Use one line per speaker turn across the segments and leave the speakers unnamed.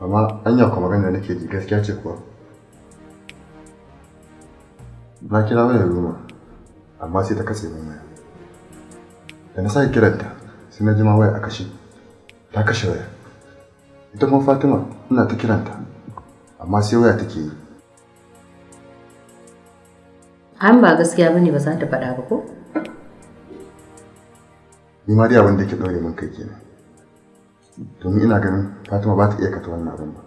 amma anya kuma magana da nake ji gaskiya ce kuwa na kira wayar ruma amma sai ta kasa min waya da na sake kiranta sai na ji ma waya a kashe ta kashe waya ita kuma fatima ina ta kiranta amma sai waya take yi
an ba gaskiya bane ba za ta faɗa ba ko
ni ma dai abin da ke ɗaure min kai kenan domin ina ganin fatima ba ta iya kata wannan abin ba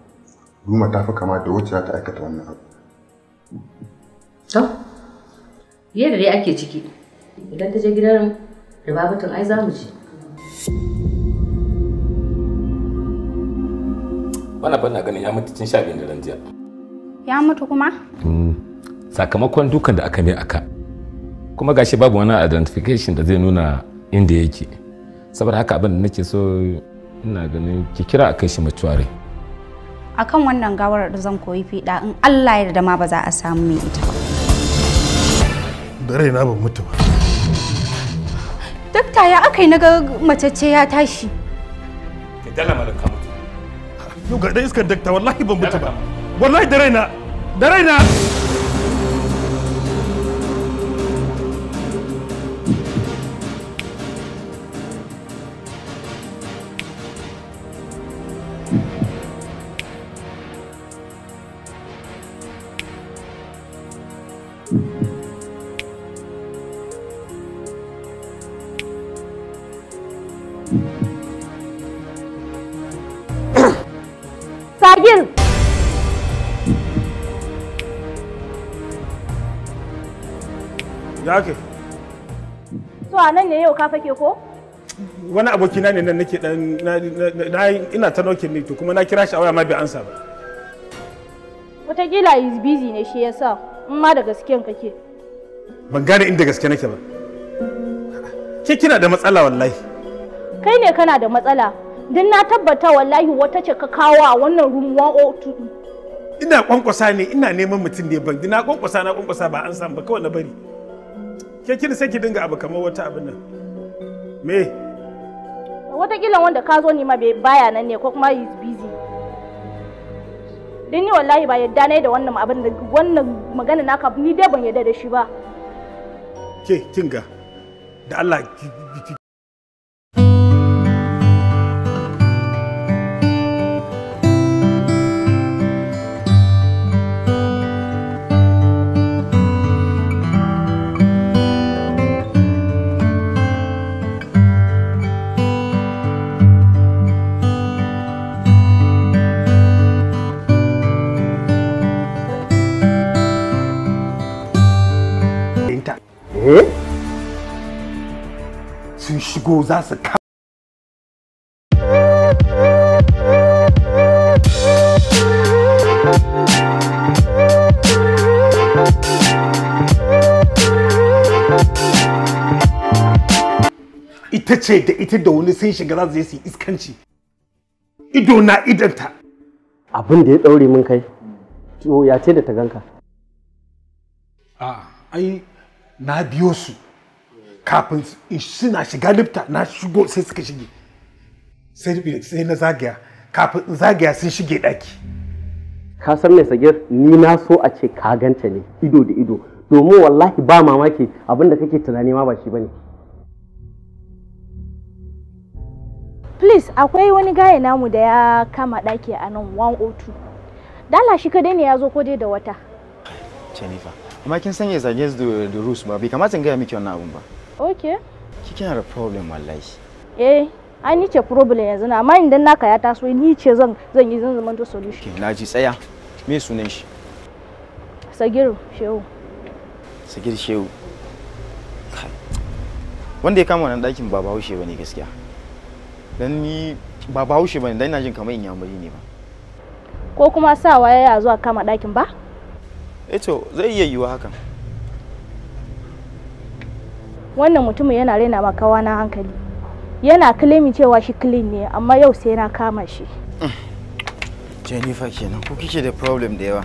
duma ta fi kama da wacce za ta aikata wannan abu
to yadda dai ake ciki idan ta je gidan
ribabatun ai za mu je
wani abin na ganin ya mutu cin sha da daren jiya
ya mutu kuma
hmm, sakamakon dukan da aka mai aka kuma gashi babu wani identification da zai nuna inda yake saboda haka abin da nake so ina ganin ki kira a kai shi mutuware
akan wannan gawar da zan koyi fiɗa in Allah ya da ma ba za a samu mai ita
da raina ban mutu ba
dakta ya aka yi naga matacce ya tashi
ka dala malaka mutu yau ga iskar dakta wallahi ban mutu ba wallahi da raina da raina Ya ke?
To a nan ne yau ka fake ko?
Wani abokina ne nan nake dan na ina ta nauke ne to kuma na kira shi a waya ma bai ansa ba.
Wataƙila is busy ne shi yasa in ma da gasken kake.
Ban gane inda gaske nake ba. Ke kina da matsala wallahi.
Kai ne kana da matsala. Din na tabbata wallahi wata ce ka kawo a wannan room 102.
Ina kwankwasa ne ina neman mutum ne ban na kwankwasa na kwankwasa ba an san ba kawai na bari. ke kin sai ki dinga abu kamar wata abin nan me
watakila wanda ka zo nima bai baya nan ne ko kuma is busy dan ni wallahi ba yadda ne da wannan abin da wannan magana naka ni dai ban yadda da shi ba
ke kinga da Allah sun shigo za su ka ita ce da ita da wani sun shiga za su yi iskanci ido na idanta abin da ya ɗaure min kai to ya ce da ta ganka a'a ai na biyo su kafin suna shiga lifta na shigo sai suka shige sai na zagaya kafin in zagaya sun shige daki ka san mai sagir ni na so a ce ka ganta ne ido da ido domin wallahi ba mamaki abinda kake tunani ma ba shi bane
please akwai wani gaya namu da ya kama daki a nan 102 dala shi kadai ne ya zo dai da wata
jennifer amma kin sanya zage da rus ba bai kamata in gaya miki wannan abun ba ok kina da problem wallahi
eh an ni ce problem yanzu na amma idan naka ya taso ni ce zan zan yi zan zamanto solution
na ji tsaya me sunan shi
sagiru shehu
sagiru shehu wanda ya kama wannan dakin ba bahaushe bane gaskiya dan ni ba bahaushe bane dan ina jin kamar inyamuri ne ba
ko kuma sawa ya zuwa kama dakin ba
eh to zai iya yiwa hakan
wannan mutumin yana raina ma kawa na hankali yana claiming cewa shi clean ne amma yau sai na kama shi
jennifer kenan ko kike da problem da yawa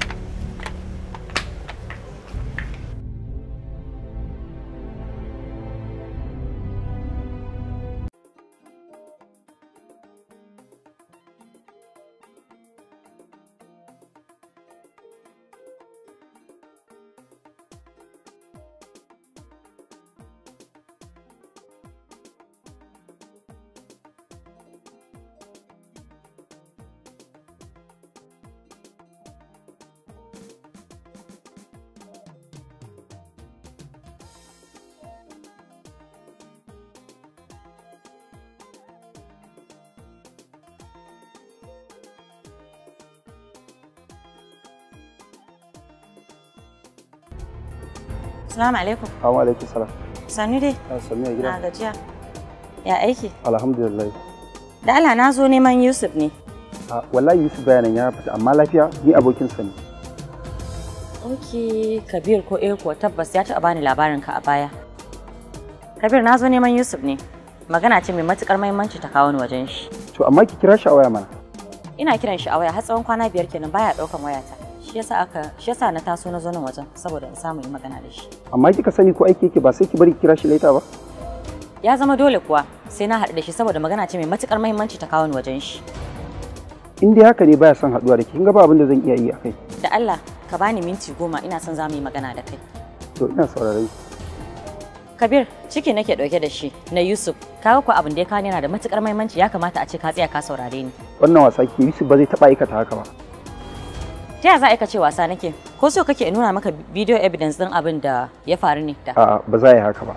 Assalamu alaikum. Assalamu alaikum salam. Sannu dai. Ah, sannu a gida. Na gajiya. Ya aiki? Alhamdulillah. Da Allah na zo neman Yusuf ne. Ah, wallahi Yusuf bayanan ya fita amma lafiya ni abokin sa ne. Ok, Kabir ko Eko eh tabbas ya taɓa bani labarin ka a baya. Kabir na zo neman Yusuf ne. Magana ce mai matuƙar mahimmanci ta kawo ni wajen shi.
To amma ki kira shi a waya mana.
Ina kiran shi a waya har tsawon kwana biyar kenan baya ɗaukan wayata. shi yasa aka shi na taso na zo nan wajen saboda in samu yi magana da shi
amma kika sani ko aiki yake ba sai ki bari kira shi laita ba
ya zama dole kuwa sai na haɗu da shi saboda magana ce mai matukar muhimmanci ta kawo ni wajen shi
in dai haka ne baya son haɗuwa da ke kin ga ba abin da zan iya yi akai
da Allah ka bani minti goma ina son za mu yi magana da kai
to ina sauraron
Kabir ciki nake ɗauke da shi na Yusuf kaga ko abin da ya kawo yana da matukar muhimmanci ya kamata a ce ka tsaya ka saurare ni
wannan wasa ke Yusuf ba zai taba aikata haka ba
ta za a ka ce wasa nake ko so kake nuna maka video evidence din abin da ya faru ne da a'a
ba za yi haka ba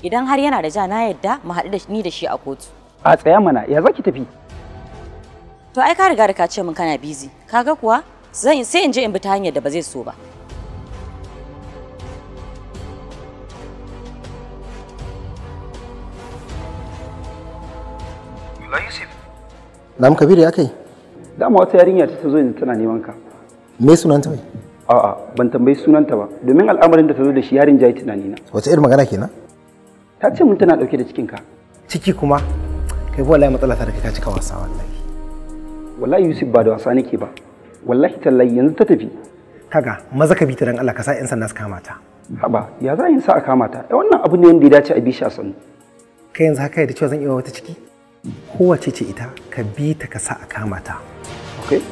idan har yana da ja na yadda mu haɗu da ni da shi a kotu
a tsaya mana ya zaki tafi
to ai ka riga da ka ce min kana busy kaga kuwa zan sai in je in bi ta hanyar da ba zai so ba
Yusuf. Na'am Kabiru ya kai. dama wata yarinya ta zo yanzu tana neman ka me sunanta wai a'a ban tambayi sunanta ba domin al'amarin da ta zo da shi yarin jayi tunani na wace irin magana kenan ta ce mun tana dauke da cikin ka ciki kuma kai wallahi matsala ta da ka cika wasa wallahi wallahi Yusuf ba da wasa nake ba wallahi tallahi yanzu ta tafi kaga maza ka bi ta dan Allah ka sa yan sanda su kama ta haba ya za yin sa a kama ta eh wannan abu ne wanda ya dace a bisha kai yanzu haka da cewa zan iya wata ciki kowace ce ita ka bi ta ka sa a kama ta okay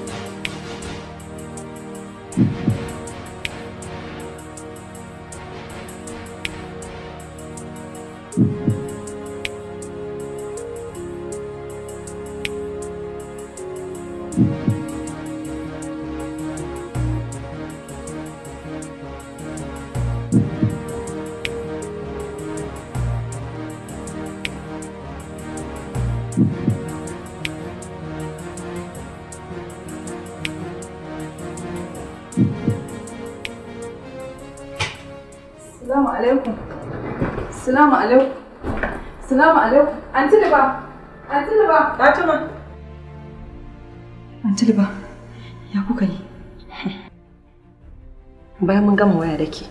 Salamu alaikum. Salamu alaikum. Salamu alaikum. Anti Liba. Anti Ya kuka yi? Bayan mun gama waya da ke.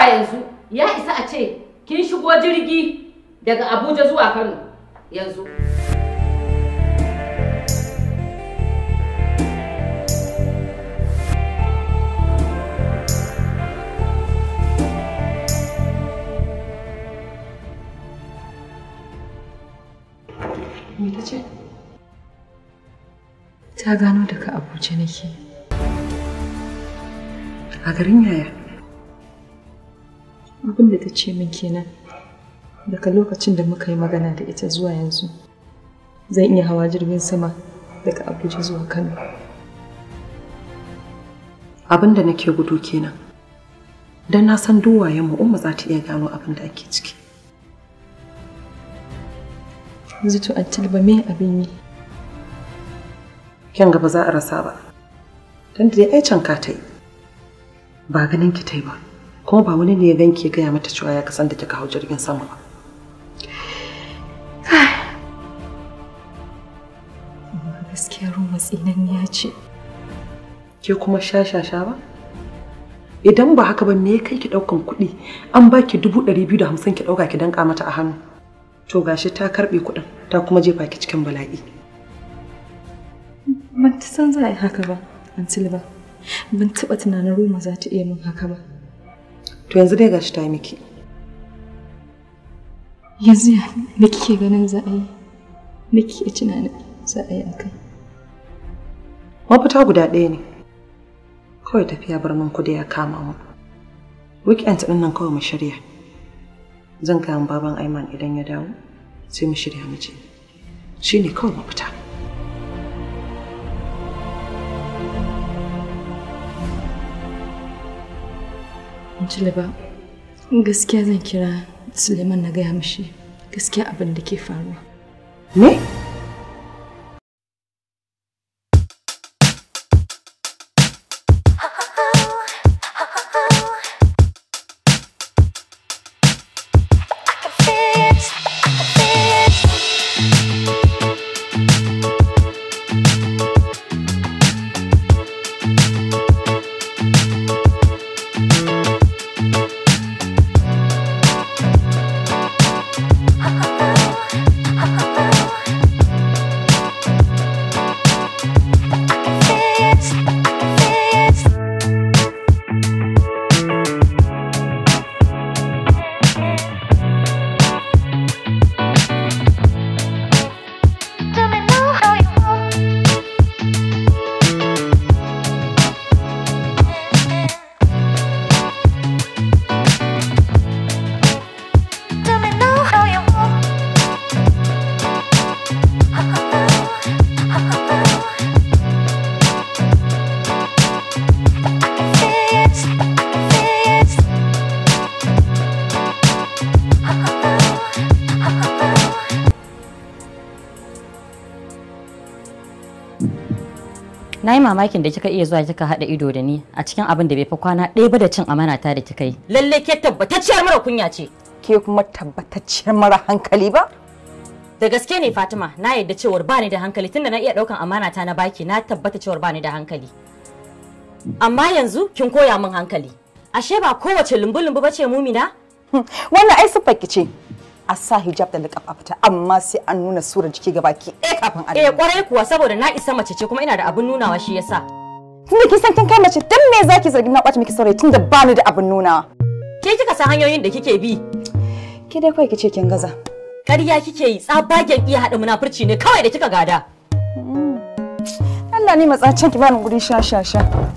zuwa yanzu ya isa a ce kin shigo jirgi daga Abuja zuwa Kano yanzu.
Me ta Ta gano daga Abuja nake. A garin yaya? abin da ta ce min kenan daga lokacin da muka yi magana da ita zuwa yanzu zan iya hawa jirgin sama daga abuja zuwa kano abin da nake gudu kenan don na san duwayen mu umma za ta iya gano abin da ake ciki zutu an tilba me abin yi kyan gaba za a rasa ba don da dai ai ka ta yi ba ganin ki ta yi ba kuma ba wani ne ya ganke ya gaya mata cewa ya kasan da kika hau jirgin sama ba gaskiya ruwa ya ce ke kuma sha-sha-sha ba idan ba haka ba me kai ki daukan kuɗi an baki dubu ɗari biyu da hamsin ki ɗauka ki danka mata a hannu to gashi ta karɓe kuɗin ta kuma jefa ki cikin bala'i ban ta san za a yi haka ba an silba ban taɓa tunanin Roma za ta iya min haka ba to yanzu dai gashi ta miki yanzu ya me kike ganin za a yi me kike tunanin za a yi a kai mafita guda ɗaya ne kawai tafiya bar min kudi ya kama mu weekend ɗin nan kawai mu shirya zan kawo baban Aiman idan ya dawo sai mu shirya mu je shine kawai mafita fahimci ba, gaskiya zan kira suleiman na gaya mishi gaskiya abin da ke faruwa me
yi mamakin da kika iya zuwa kika haɗa ido da ni a cikin abin da bai fa kwana ɗaya ba da cin amana ta da kika yi. Lalle ke tabbatacciyar mara kunya ce. Ke kuma tabbatacciyar mara hankali ba? Da gaske ne Fatima, na yadda cewar bani da hankali tunda na iya ɗaukan amana ta na baki na tabbata cewar bani da hankali. Amma yanzu kin koya min hankali. Ashe ba kowace lumbu-lumbu ba ce mumina? Wannan ai siffar ce. a sa hijab da niqab fita amma sai an nuna sura jiki ga baki eh kafin a eh kwarai kuwa saboda na isa mace ce kuma ina da abin nunawa shi yasa
Tun kin san kin kai mace dan me zaki zargi na kwace
miki saurayi tun da ba ni da abun nunawa ke kika san hanyoyin da kike bi
ke dai kawai kice kin gaza
ƙarya kike yi tsabagen iya haɗa munafurci ne kawai da kika gada
mm. Allah ne matsacin ki bani gurin sha sha sha